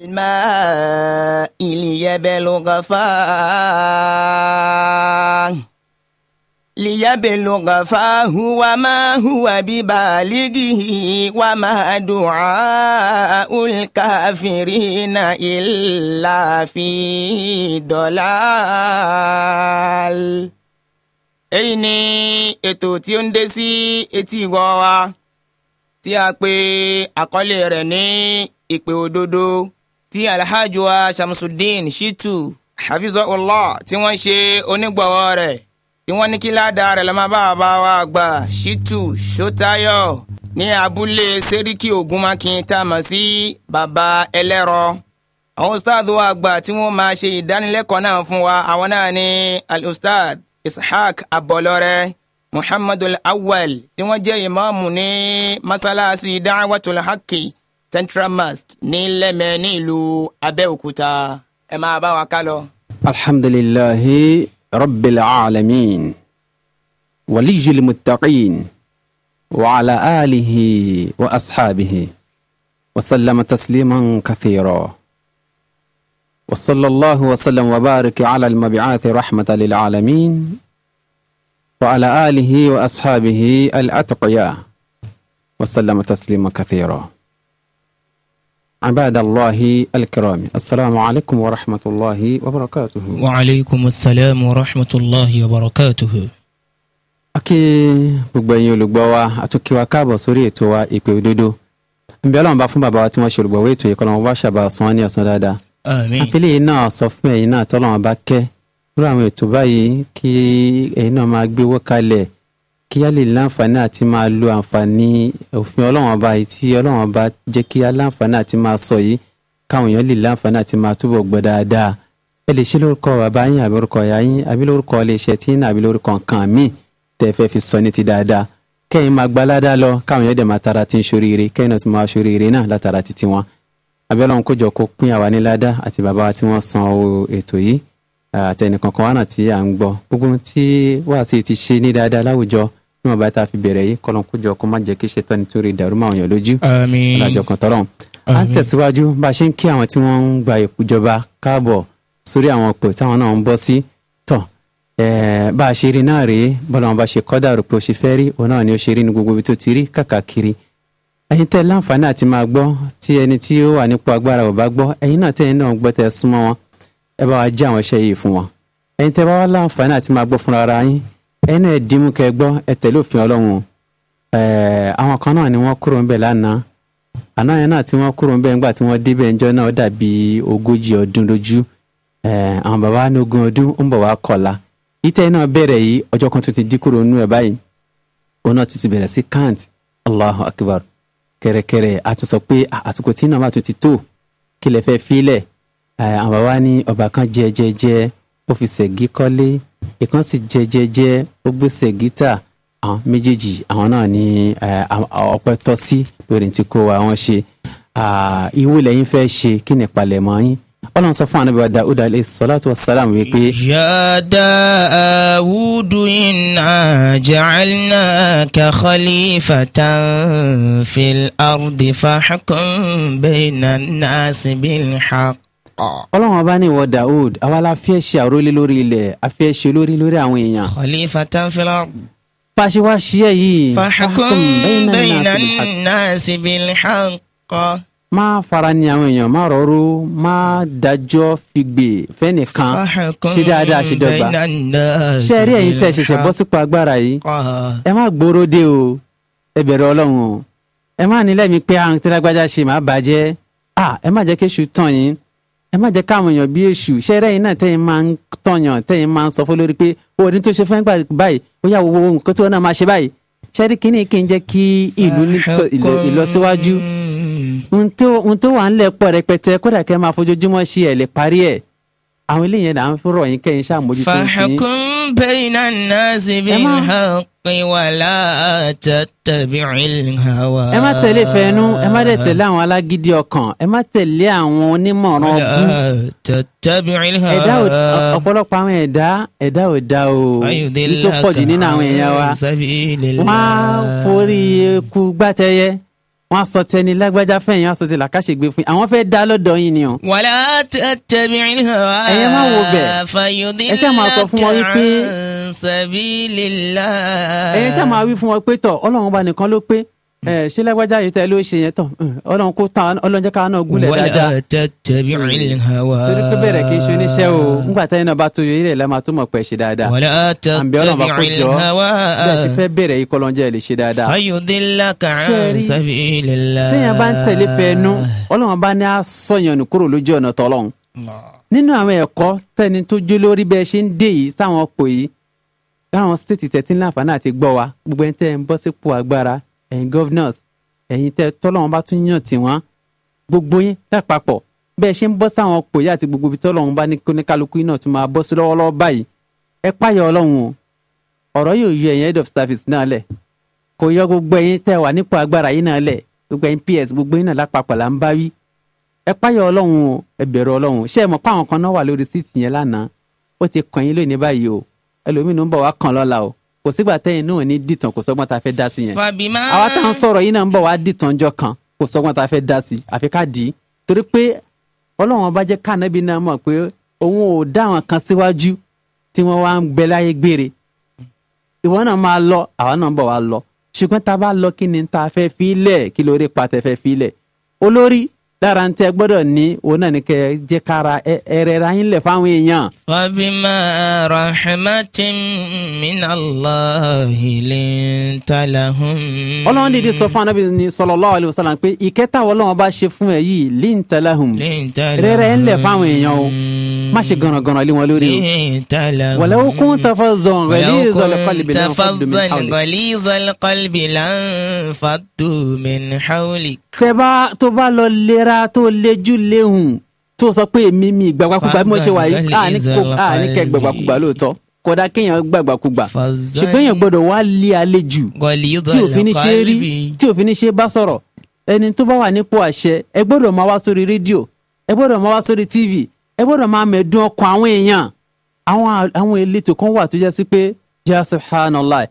الماء ليبلغ فاه ليبلغ فاه وما هو ببالغه وما دعاء الكافرين إلا في ضلال èyí ni ètò tí ó ń dé sí etí ìwọ wa tí a pè àkọlé rẹ̀ ní ìpè òdodo. Ti alhaji wa shamsuddin shitu hafizahullah tí wọ́n ṣe onígbọ̀wọ́ rẹ̀ tí wọ́n ní kí ládàá rẹ̀ lọ́mọ bá bá wa gbà shitu shotayo ní abúlé seriki ogunmakin tá a mọ̀ sí baba ẹlẹ́rọ àwọn ustaad wa àgbà tí wọ́n máa ṣe ìdánilẹ́kọ̀ọ́ náà fún wa àwọn náà ni al ishaq abọlọrẹ muhammadul awwal tí wọ́n jẹ́ ìmáàmù ní masalasi da'watul haki. central mast ní lẹ́mẹ̀ ní ìlú abẹ́òkúta ẹ máa bá wa ká lọ. alhamdulilahi rabbil alamin waliyil muttaqin wa ala alihi wa ashabihi wa salama tasliman kathira wa sallallahu wa sallam wa baraka ala almabi'athi rahmatan lil alamin wa ala alihi wa ashabihi al atqiya wa sallama tasliman kathira. عباد الله الكرام السلام عليكم ورحمة الله وبركاته وعليكم السلام ورحمة الله وبركاته akí gbogbo ẹ̀yin olùgbọ́ wa àtúnkí wa káàbọ̀ sórí ètò wa ìpè òdodo nbí Ọlọ́run bá fún bàbá wa tí wọ́n ṣe olùgbọ̀wọ́ ètò yìí kọlọmọ bá ṣàbà san ní ọ̀sán dáadáa àfẹlẹ yìí náà sọ fún ẹ̀yin náà tọlọmọ bá kẹ́ lórí àwọn ètò báyìí kí ẹ̀yin náà máa gbéwó kalẹ̀ kí a lè láǹfààní àti máa lo àǹfààní òfin ọlọ́run ọba yìí tí ọlọ́run ọba jẹ́ kí a láǹfààní àti máa sọ yìí káwọn èèyàn lè láǹfààní àti máa túbọ̀ gbọ́ dáadáa ẹ lè ṣe lórúkọ bàbá yín àbí lórúkọ ìyá yín àbí lórúkọ iléeṣẹ́ tí yín àbí lórúkọ nǹkan míì tẹ́ fẹ́ fi sọ ní ti dáadáa kẹ́yìn máa gba ládàá lọ káwọn èèyàn dẹ̀ máa tara ti ń ṣoríire kẹ́yìn náà ti máa ṣoríire wa tí wọ́n san owó ní wọn bá tá a fi bẹ̀rẹ̀ yìí kọlọn kójọ kó má jẹ́ kí ṣe tán nítorí ìdàrúmọ àwọn èèyàn lójú alájọ kan tọrọ à ń tẹ̀síwájú bá a ṣe ń kí àwọn tí wọ́n ń gba ìjọba káàbọ̀ sórí àwọn ọ̀pọ̀ táwọn náà ń bọ́ sí tọ̀ bá a ṣe rí náà rèé bọ́lá wọn bá ṣe kọ́ dàrú pé ó ṣe fẹ́ rí òun náà ni ó ṣe rí ní gbogbo ibi tó ti rí kàkàkiri ẹ̀yin tẹ́ láǹfààní àti máa gbọ́ wa jẹ́ àwọn iṣẹ́ yìí fún wọn ẹ̀yin tẹ́ bá wà ẹ̀yin náà dìímú kẹ́ gbọ́ ẹ tẹ̀lé òfin Ọlọ́run àwọn kan náà ni wọ́n kúrò ńbẹ̀ lánàá àná yẹn náà tí wọ́n kúrò ńbẹ̀ ńgbà tí wọ́n débẹ̀ ńjọ́ náà ó dàbí ogójì ọdún lójú àwọn bàbá ní ogún ọdún ń yi wá náà yìí kan tó kant Akbar kẹrẹkẹrẹ pé àsìkò tí náà bá tó ti tó ìkan sì jẹjẹjẹ ó gbèsè gítà àwọn méjèèjì àwọn náà ní ọpẹ́ tọ́ sí lórí ti kó wa ṣe ìwú lẹ́yìn fẹ́ ṣe kí ni ìpalẹ̀mọ́ yín ọlọ́run sọ fún anabi wa dawud alayhi salatu wa salam wípé. ya dawudu inna ja'alnaka khalifatan fil ardi fahkum bayna an-nasi bil haqq. Ah. ọlọ́run ọba ní ìwọ daoud àwa la fẹ́ ṣe àrólé lórí ilẹ̀ a fẹ́ ṣe lórí lórí àwọn èèyàn. khalifatan fil ard. pàṣẹ wá ṣíyẹ yìí. fahkum bayna an-nasi bil má fara ni àwọn èèyàn má rọrú má dájọ́ figbe fẹ́nìkan ṣe dáadáa ṣe dọ́gba ṣe rí ẹ̀yin tẹ̀ ṣẹ̀ṣẹ̀ bọ́ sípò agbára yìí ah. ẹ má gbóró dé o ẹ bẹ̀rù ọlọ́run o ẹ má nílẹ̀ mi pé àwọn tí lágbájá ṣe má bàjẹ́ ẹ má jẹ́ kéṣù tàn yín ẹ má jẹ́ káwọn èèyàn bí èṣù ṣẹ́rẹ́ yìí náà tẹ́yìn máa ń tọ̀yàn tẹ́yìn máa ń sọ fún lórí pé òní tó ṣe fún ẹgbà báyìí ó yà wọ́wọ́ nǹkan tí wọ́n náà máa ṣe báyìí ṣẹ́rí kínní kí n jẹ́ kí ìlú ìlọsíwájú n tó wà ń lẹ̀ pọ̀ rẹpẹtẹ kódà kẹ́ máa fojoojúmọ́ ṣe ẹ̀ lè parí ẹ̀ àwọn eléyìí náà ń rọ̀ yín kẹ́yìn ṣàmójútó sí. fàḥkum bayna an-nasi bil-haqqi wa la tattabi'il hawa. ẹ má tẹ̀lé fẹ́nu ẹ má dẹ̀ tẹ̀lé àwọn alágídí ọkàn ẹ má tẹ̀lé àwọn onímọ̀ràn ọgbọ́n. tattabi'il ẹ̀dá ọ̀pọ̀lọpọ̀ àwọn ẹ̀dá ẹ̀dá ò da o ní tó pọ̀jù nínú àwọn èèyàn wa. wọ́n á forí eku gbátẹ́yẹ wọn sọ tẹni lágbájá fẹyìn aṣọ ti làkàṣègbè fún yín àwọn fẹẹ dá lọ́dọ̀ yín ni o. wàlá tẹbi rìn hàn. ẹyẹ máa wo bẹ ẹ ṣáà máa sọ fún wọn wípé. sabilillah. ẹyẹ ṣáà máa wí fún wọn pé tọ Ọlọ́run ọba nìkan ló pé ṣe lágbájá yìí tẹ ló ṣe yẹn tán Ọlọ́run kó tán Ọlọ́run jẹ́ ká náà gúnlẹ̀ dáadáa. wọ́n tẹ tẹbi ìrìn hawa. torí pé bẹ̀rẹ̀ kì í ṣe oníṣẹ́ o nígbà táyé náà bá toyò ilẹ̀ la máa tó mọ̀ pẹ́ ṣe dáadáa. wọ́n tẹ tẹbi ìrìn hawa. bí a ṣe fẹ́ bẹ̀rẹ̀ yìí kọlọ́njẹ́ lè ṣe dáadáa. ayọ̀dẹ́lá kàn sábì ilẹ̀ la. téèyàn bá ń tẹ̀lé fẹ́ẹ́nu Ọlọ́run bá ní á sọ̀yàn kúrò lójú ọ̀nà tọ́lọ́run. nínú àwọn ẹ̀kọ́ tẹni tó jó lórí bẹ́ẹ̀ ṣe ń dé yìí sáwọn ọkọ̀ láwọn stéètì tẹ̀tí ńláǹfààní àti gbọ́ wa gbogbo ẹni tẹ́ ń bọ́ sípò agbára ẹ̀yin governors ẹ̀yin tẹ́ tọ́lọ́run bá tún yàn tí wọ́n gbogbo yín lápapọ̀ bẹ́ẹ̀ ṣe ń bọ́ sáwọn ọkọ̀ yìí àti gbogbo ibi tọ́lọ́run bá ní kóníkálukú náà tún máa bọ́ sí lọ́wọ́lọ́wọ́ báyìí ẹ páyà ọlọ́run o ọ̀rọ̀ yóò yọ ẹ̀yin head of service náà lẹ̀ kò yọ gbogbo ẹ̀yin tẹ́ wà nípò agbára yìí náà lẹ̀ gbogbo ẹ̀yin PS gbogbo yín náà lápapọ̀ là ń bá wí ẹ páyà ọlọ́run o ẹ bẹ̀rù ọlọ́run ṣé ẹ mọ̀ pé àwọn kan náà wà lórí síìtì yẹn lánàá ó ti kàn yín lónìí báyìí o ẹlòmínú ń bọ̀ wá kàn lọ́la o kò sígbà tẹ́yìn náà ní dìtàn kò sọ́gbọ́n tá a fẹ́ dá sí yẹn àwa tá à ń sọ̀rọ̀ yìí náà ń bọ̀ wá dìtàn jọ kan kò sọ́gbọ́n tá a fẹ́ dá sí àfi ká dì í torí pé ọlọ́run ọba jẹ́ kánábì náà mọ̀ pé òun ò dá àwọn kan síwájú tí wọ́n wá ń gbẹ láyé gbére ìwọ náà máa lọ àwa náà ń bọ̀ wá lọ ṣùgbọ́n tá a bá lọ kí ni tá a fẹ́ fi lẹ̀ kí lóore pa tẹ fẹ́ fi lẹ̀ olórí lára ń tẹ gbọ́dọ̀ ní òun náà ní kẹ jẹ́ kára ẹ̀rẹ̀ ra yín lẹ̀ fáwọn èèyàn. wabima rahmatin minallahi linta lahum. ọlọ́run dìde sọ fún anábì ní sallallahu alaihi wasallam pé ìkẹta ọlọ́run bá ṣe fún ẹ yìí linta lahum rẹ̀rẹ̀ ń lẹ̀ fáwọn èèyàn o má ṣe gànàgànà lé wọn lórí o. walau kunta fazzan ghalizal qalbi lanfaddu min hawlik. tẹ́ bá tó bá lọ lera dáadáa tó lejú léhùn tó sọ pé èmi mi ìgbàgbàkúgbà bí mo ṣe wà yìí àní kẹ gbàgbàkúgbà lóòótọ́ kódà kéèyàn gbàgbàkúgbà ṣùgbọ́n èèyàn gbọ́dọ̀ wá lé àlejò tí òfin ní ṣe rí tí òfin ní ṣe bá sọ̀rọ̀ ẹni tó bá wà nípò àṣẹ ẹ gbọ́dọ̀ máa wá sórí rédíò ẹ gbọ́dọ̀ máa wá sórí tv ẹ gbọ́dọ̀ máa mẹ̀dùn ọkàn àwọn èèyàn àwọn àwọn elétò kan wà tó jẹ́ sí pé jẹ́ subhanallah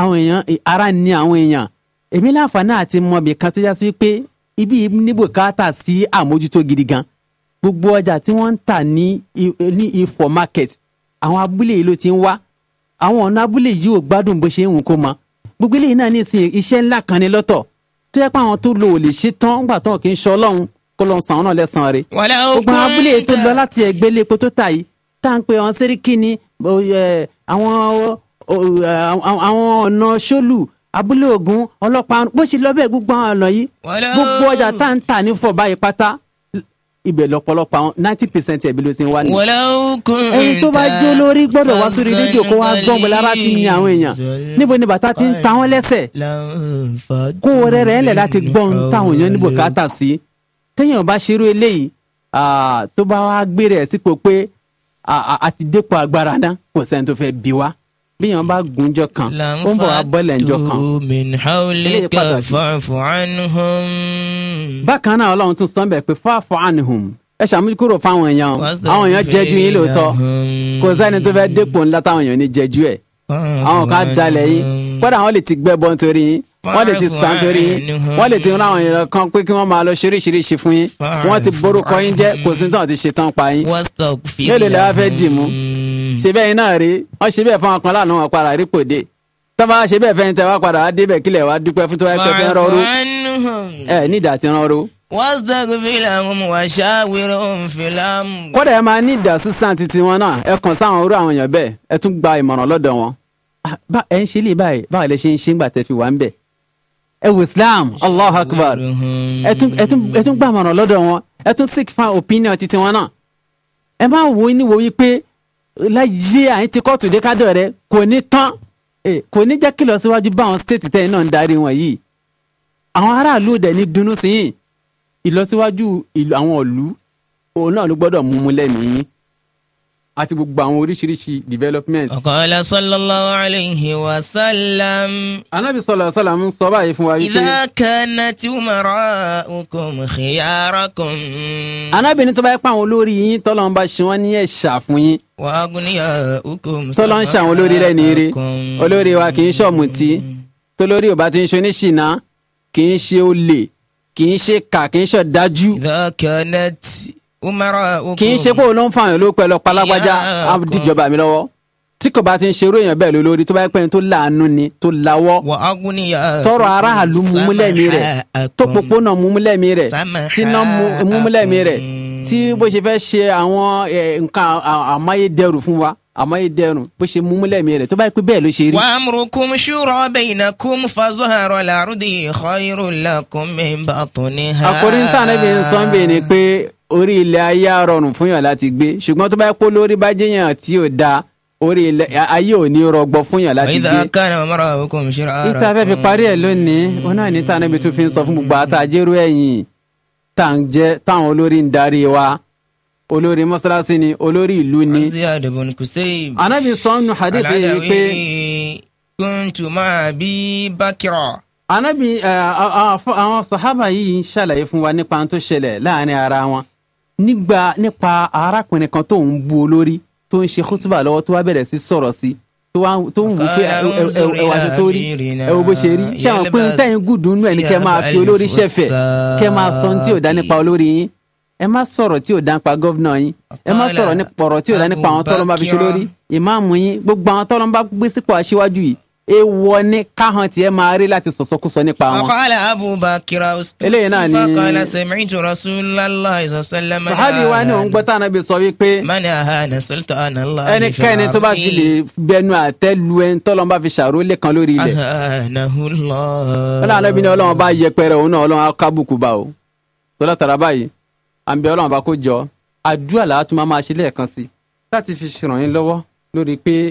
àwọn èèyàn ara ni àwọn èèyàn èmi láǹfààní àti mọ̀bì kan tó jẹ́ sí pé ibi níbò káàtà sí àmójútó gidi gan gbogbo ọjà tí wọ́n ń tà ní ní ifọ̀ market àwọn abúlé yìí ló ti ń wá àwọn ọ̀nà abúlé yìí ò gbádùn bó ṣe ń wù kó mọ gbogbo eléyìí náà ní ìsìn iṣẹ́ ńlá kan ní lọ́tọ̀ tó yẹ pé àwọn tó lo òlè ṣe tán ńgbà tán kì í ṣe ọlọ́run kó lọ́n sàn án náà lẹ́sàn-án rẹ̀ gbogbo àwọn abúlé yìí tó lọ láti ẹgbẹ́ lépo tó tà yìí tá à ń pe àwọn sẹ́ríkì ni àwọn ọ̀nà ṣólù abúlé ògùn ọlọ́pàá bó ṣe lọ bẹ́ẹ̀ gbogbo àwọn ọ̀nà yìí gbogbo ọjà tá à tà ní fọ̀ báyìí pátá ibẹ̀ lọ́pọ̀lọpọ̀ àwọn ninety percent ẹ̀bí ló ti ń wá ní. ẹni tó bá jó lórí gbọ́dọ̀ wá sórí rédíò kó wá gbọ́n bọ́lá bá ti yin àwọn èèyàn níbo ni bàtà ti ń ta wọ́n lẹ́sẹ̀ kó rẹ̀ rẹ̀ ẹ̀lẹ̀ láti gbọ́n táwọn èèyàn níbo ká tà sí. téèyàn bá ṣerú eléyìí tó bá wá gbé rẹ̀ sípò pé àti dépò agbára náà kò sẹ́ni tó fẹ́ bí wa bíyàn bá gunjọ kan ó ń bọ̀ wá bọ́lẹ̀ kan. ilé padà bí. bákan náà ọlọ́run tún sọ pé fáfọ́ ànihùn ẹ ṣàmúkúrò fáwọn èèyàn àwọn èèyàn jẹ́jú yín lóòótọ́ kò sẹ́ni tó fẹ́ dépò ńlá táwọn èèyàn ní jẹ́jú ẹ̀ àwọn kan dalẹ̀ yín kódà àwọn lè ti gbẹ́ bọ́ nítorí yín wọ́n lè ti san torí yín wọ́n lè ti rán àwọn èèyàn kan pé kí wọ́n máa lọ ṣoríṣiríṣi fún yín wọ́n ti borúkọ yín jẹ́ kò sí tán ti ṣetán pa yín mélòó lè wá fẹ́ dì mú ṣe bẹ́ẹ̀ náà rí wọ́n ṣe bẹ́ẹ̀ fún ọkàn lánàá wọn padà rí pòde tó bá ṣe bẹ́ẹ̀ fẹ́yìntẹ́ wá padà wá débẹ̀ kílẹ̀ wá dúpẹ́ fún tó wá pẹ́ fẹ́ rọrú ẹ nídàá ti rọrú. kódà ẹ máa ní ìdá sísan titi wọn náà ẹ kàn sáwọn orú àwọn èèyàn bẹ́ẹ̀ ẹ tún gba ìmọ̀ràn lọ́dọ̀ wọn. Ah, ẹ ń ṣe lè báyìí báwo lẹ ṣe ń ṣe ń gbà fi wà ń bẹ̀ ẹ wò Islam Allahu Akbar ẹ tún gbà ìmọ̀ràn lọ́dọ̀ wọn ẹ tún seek opinion titi wọn náà ẹ má wo ní wo wípé láyé àyín ti kóòtù dé kádọ̀ rẹ kò ní tán kò ní jẹ́ kìlọ̀ síwájú bá àwọn stéètì tẹ́yìn náà ń darí wọn yìí àwọn aráàlú dẹ̀ ní dunnú sí ìlọsíwájú ìlú àwọn ìlú òun náà ló gbọ́dọ̀ mú mú lẹ́mìí àti gbogbo àwọn oríṣiríṣi development. ọ̀kọ́lá sallallahu alayhi wa sallam. anábì sallallahu sallam ń sọ báyìí fún wa wípé. idha kanat umara'ukum khiyarakum. anábì ní tó bá yẹ pa àwọn olórí yín tọ́lọ́ ń bá ṣe wọ́n ní ẹ̀ṣà fún yín. wa aghniya'ukum. tọ́lọ́ ń ṣe àwọn olórí rẹ̀ ní eré olórí wa kì í ṣọ̀mùtí tolórí ò bá ti ń ṣe oníṣìnà kì í ṣe olè kì í ṣe kà kì í ṣọ̀dájú. idha kanat kì í ṣe pé òun ló ń fààyàn ló pẹ́ lọ palágbájá á mi lọ́wọ́ tí kò bá ti ń ṣerú èèyàn bẹ́ẹ̀ lólórí tó bá yẹ pé tó láàánú ni tó lawọ́ tọrọ aráàlú mumúlẹ́mí rẹ̀ tó popona mumúlẹ́mí rẹ̀ tíná mumúlẹ́mí rẹ̀ tí bó ṣe fẹ́ ṣe àwọn nǹkan àmáyédẹrù fún wa àmáyédẹrùn bó ṣe múmúlẹ̀ rẹ̀ tó bá pẹ́ bẹ́ẹ̀ ló ṣe rí. wa'amrukum shura bainakum fazahara al-ardi khayrun lakum min batniha. àkórí ń tàn níbi ń sọ́nbẹ̀ ni pé orí ilẹ̀ ayé á rọrùn fún yàn láti gbé ṣùgbọ́n tó bá pọ̀ lórí bá jẹ́yàn tí ò dáa orí ilẹ̀ ayé ò ní rọgbọ fún yàn láti gbé. ìdá kan àwọn ọmọ ọkọ mi ṣe rárá. ìta fẹ́ fi parí ẹ̀ lónìí òun náà níta níbi tó fi ń sọ fún gbogbo àtàjẹrú ẹ̀yìn táwọn olórí ń darí wa olórí mọ́sálásí ni olórí ìlú ni. anábì sọ́nù hadith yìí pé. kuntu máa bí bákìrọ̀. anábì eh, àwọn sàhábà yìí ń ṣàlàyé fún wa nípa tó ṣẹlẹ̀ láàrin ara wọn nígbà nípa arákùnrin kan tó ń bu olórí tó ń ṣe kútùbà lọ́wọ́ tó wá bẹ̀rẹ̀ sí sọ̀rọ̀ sí tó ń wù pé ẹwà ṣe tó rí ẹwà bó ṣe rí ṣé àwọn pé ń tẹ̀yìn gùdùn nù ẹ̀ ní kẹ́ máa fi olórí ṣẹ̀fẹ̀ kẹ́ máa sọ tí ò dá nípa olórí yín ẹ má sọ̀rọ̀ tí ò dá nípa gọ́vnà yín ẹ má sọ̀rọ̀ nípa ọ̀rọ̀ tí ò dá nípa àwọn tọ́lọ́mbà fi ṣe lórí ìmáàmù yín gbogbo àwọn tọ́lọ́mbà gbé sípò aṣíwájú yìí èèwọ̀ ni káhàn tiẹ̀ máa rí láti sọ̀sọ́kúsọ nípa wọn. àkọọ́lẹ̀ abubakar eléyìí náà ni sọ́kọ́lá sami'tu rasulallah ìsọ̀sẹ́lẹ̀ mẹ́ta. sàhábì wa ni òun gbọ́ tánà bí sọ wípé. mani ahana allah ni fẹ́ràn mi. ẹnikẹ́ni tó bá fi lè bẹnu àtẹ́ lu ẹni tọ́lọ́n bá fi ṣàrólé kan lórí ilẹ̀. ọlọ́run bá yẹpẹrẹ òun náà ọlọ́run bá o. tọ́lá tàrà báyìí ọlọ́run bá kó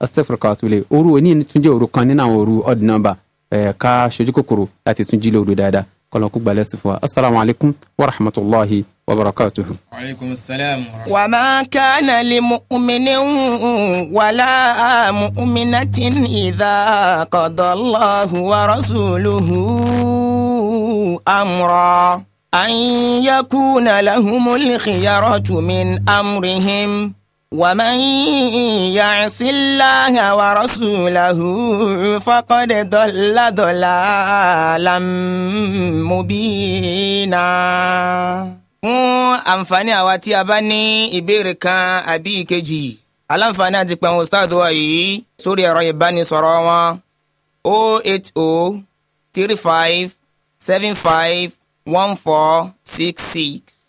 astaghfirullah wa atubu òru òní ni tún jẹ́ òru kan nínú àwọn òru odd number eh, ká ṣojú kòkòrò láti tún jí lóru dáadáa kọlọ̀ kó gbalẹ̀ fún wa asalaamu wa rahmatulahi wa barakatuhu. wa salaam. wa ma kana li mu'minin wala mu'minatin idha qadallahu wa rasuluhu amra an yakuna lahumul khiyaratu min amrihim. ومن يعص الله ورسوله فقد ضل ضلالا مبينا fún àǹfààní àwa tí a bá ní ìbéèrè kan àbí ìkejì aláǹfààní àti pẹ̀hún ustaadu wa yìí sórí ẹ̀rọ ìbánisọ̀rọ̀ wọn o oh eight o oh three